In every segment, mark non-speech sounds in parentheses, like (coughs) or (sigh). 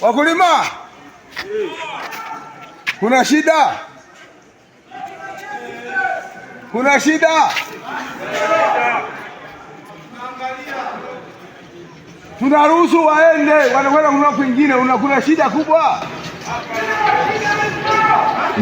Wakulima, kuna shida, kuna shida, tunaruhusu waende, wanakwenda kunua kwingine, Kuna shida kubwa.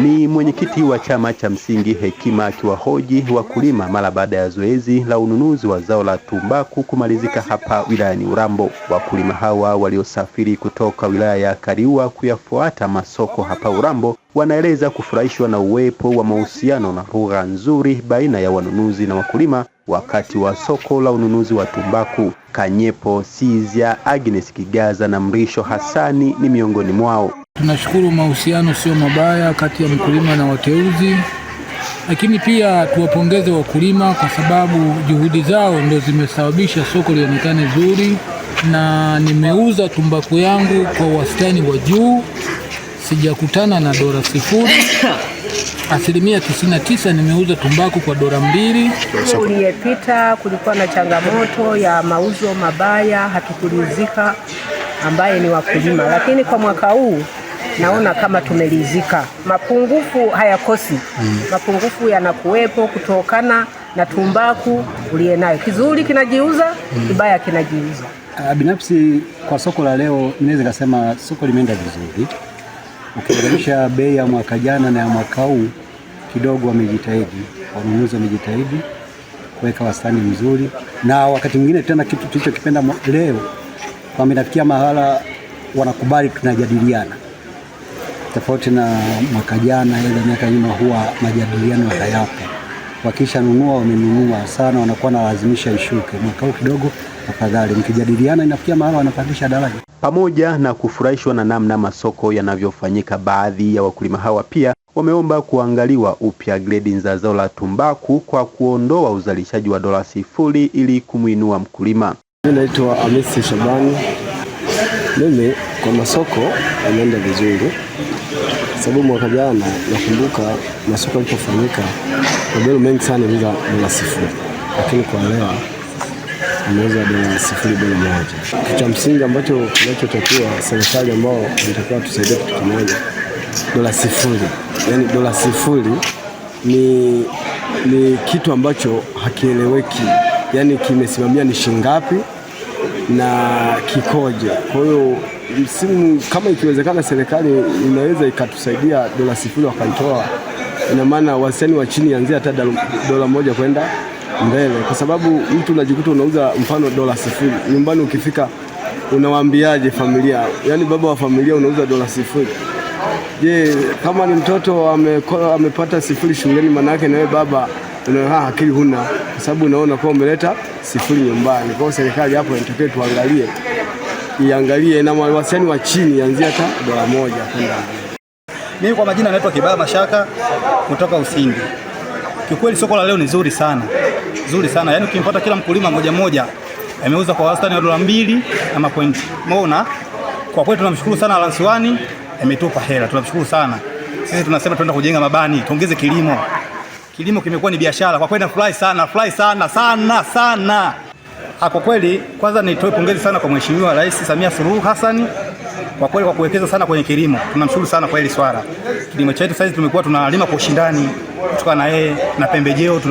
Ni mwenyekiti wa chama cha msingi Hekima akiwahoji wakulima mara baada ya zoezi la ununuzi wa zao la tumbaku kumalizika hapa wilayani Urambo. Wakulima hawa waliosafiri kutoka wilaya ya Kaliua kuyafuata masoko hapa Urambo wanaeleza kufurahishwa na uwepo wa mahusiano na lugha nzuri baina ya wanunuzi na wakulima wakati wa soko la ununuzi wa tumbaku. Kanyepo Sizia, Agnes Kigaza na Mrisho hasani ni miongoni mwao. Tunashukuru mahusiano sio mabaya kati ya mkulima na wateuzi, lakini pia tuwapongeze wakulima kwa sababu juhudi zao ndio zimesababisha soko lionekane zuri, na nimeuza tumbaku yangu kwa wastani wa juu, sijakutana na dola sifuri. (coughs) Asilimia tisini na tisa nimeuza tumbaku kwa dola mbili. Uliyepita kulikuwa na changamoto ya mauzo mabaya, hatukuridhika ambaye ni wakulima, lakini kwa mwaka huu naona kama tumelizika. Mapungufu hayakosi mm. Mapungufu yanakuwepo kutokana na tumbaku uliye nayo. Kizuri kinajiuza mm. Kibaya kinajiuza. Ah, binafsi kwa soko la leo ninaweza nikasema soko limeenda vizuri ukilinganisha bei ya mwaka jana na ya mwaka huu kidogo wamejitahidi, wanunuzi wamejitahidi kuweka wastani mzuri, na wakati mwingine tena kitu tulichokipenda leo kwamba inafikia mahala wanakubali tunajadiliana tofauti na mwaka jana, ile miaka nyuma, huwa majadiliano hayapo. Wakishanunua wamenunua sana, wanakuwa nalazimisha ishuke. Mwaka huu kidogo afadhali, mkijadiliana inafikia mahala wanapandisha daraja. Pamoja na kufurahishwa na namna masoko yanavyofanyika, baadhi ya wakulima hawa pia wameomba kuangaliwa upya gredi za zao la tumbaku kwa kuondoa uzalishaji wa dola sifuri ili kumwinua mkulima. Mimi naitwa Hamisi Shabani mimi kwa masoko yanaenda vizuri, sababu mwaka jana nakumbuka masoko yalipofanyika magari mengi sana yaliuza dola sifuri, lakini kwa leo ameuza dola sifuri dola moja. Kitu cha msingi ambacho kinachotakiwa serikali ambao inatakiwa tusaidie kitu kimoja, dola sifuri, yaani dola sifuri ni, ni kitu ambacho hakieleweki, yaani kimesimamia ni shilingi ngapi na kikoje. Kwa hiyo msimu kama ikiwezekana, serikali inaweza ikatusaidia dola sifuri wakaitoa, ina maana wastani wa chini anzia hata dola moja kwenda mbele, kwa sababu mtu unajikuta unauza mfano dola sifuri nyumbani, ukifika unawaambiaje familia? Yaani baba wa familia unauza dola sifuri. Je, kama ni mtoto amepata sifuri shuleni, maana yake nawe baba unaona akili huna, kwa sababu unaona kwa umeleta sifuri nyumbani. Kwa serikali hapo inatakiwa tuangalie, iangalie na wasiani wa chini anzia hata dola moja kwenda. Mimi kwa majina naitwa Kibaya Mashaka kutoka Usindi. Kiukweli soko la leo ni zuri sana, zuri sana yani, ukimpata kila mkulima moja moja ameuza kwa wastani wa dola mbili na mapointi. Umeona, kwa kweli tunamshukuru sana Alansiwani, ametupa hela, tunamshukuru sana. Sisi tunasema tunaenda kujenga mabani, tuongeze kilimo kilimo kimekuwa ni biashara. Kwa kweli nafurahi sana, nafurahi sana sana sana kwa kweli. Kwanza nitoe pongezi sana kwa Mheshimiwa Rais Samia Suluhu Hassan kwa kweli kwa kuwekeza sana kwenye kilimo, tunamshukuru sana kwa hili swala. Kilimo chetu sasa tumekuwa tunalima kwa ushindani kutoka na yeye na pembejeo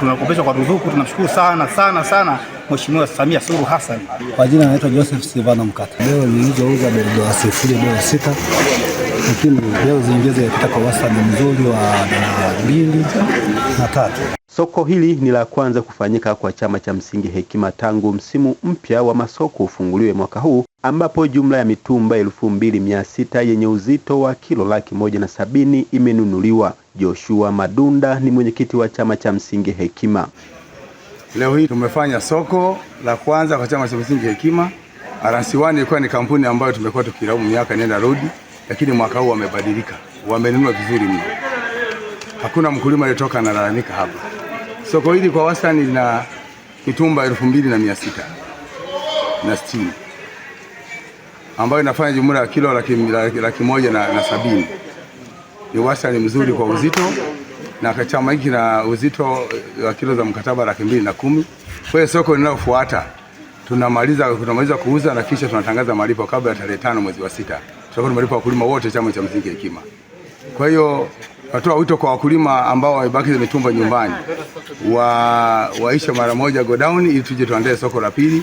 tunakopeshwa kwa ruzuku, tunamshukuru sana sana sana Mheshimiwa Samia Suluhu Hassan. Kwa jina anaitwa Joseph Silvano Mkata. Leo nilizouza dola sifuri dola sita, lakini leo zingine kwa wastani mzuri wa dola mbili na tatu. Soko hili ni la kwanza kufanyika kwa chama cha msingi Hekima tangu msimu mpya wa masoko ufunguliwe mwaka huu ambapo jumla ya mitumba elfu mbili mia sita yenye uzito wa kilo laki moja na sabini imenunuliwa. Joshua Madunda ni mwenyekiti wa chama cha msingi Hekima. Leo hii tumefanya soko la kwanza kwa chama cha msingi Hekima. RC1 ilikuwa ni kampuni ambayo tumekuwa tukilaumu miaka nenda rudi, lakini mwaka huu wamebadilika, wamenunua vizuri mno. Hakuna mkulima aliyetoka analalamika hapa. Soko hili kwa wastani lina mitumba elfu mbili na mia sita na sitini ambayo inafanya jumla ya kilo laki moja na, na sabini. Ni wastani mzuri kwa uzito na kwa chama hiki na uzito wa kilo za mkataba laki mbili na kumi. Kwa hiyo soko linalofuata tunamaliza tunamaliza kuuza na kisha tunatangaza malipo kabla ya tarehe tano mwezi wa sita, tutakuwa tumelipa wakulima wote chama cha msingi Hekima. Kwa hiyo natoa wito kwa wakulima ambao wamebakiza mitumba nyumbani wa waisha mara moja godown, ili tuje tuandae soko la pili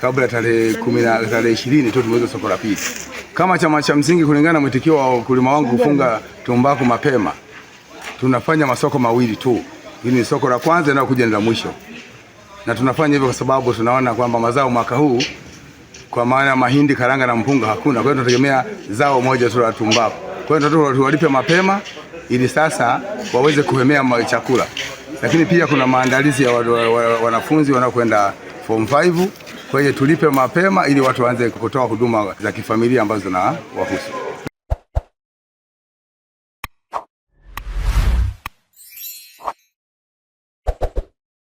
kabla ya tarehe kumi na tarehe ishirini tu tumeuza soko la pili kama chama cha msingi, kulingana na mwitikio wa wakulima wangu kufunga tumbaku mapema tunafanya masoko mawili tu. Hili ni soko la kwanza na kuja la mwisho, na tunafanya hivyo kwa sababu tunaona kwamba mazao mwaka huu kwa maana mahindi, karanga na mpunga hakuna. Kwa hiyo tunategemea zao moja tu la tumbaku. Kwa hiyo tuwalipe mapema ili sasa waweze kuhemea chakula, lakini pia kuna maandalizi ya wanafunzi wanaokwenda form 5. Kwa hiyo tulipe mapema ili watu waanze kutoa huduma za kifamilia ambazo zinawahusu.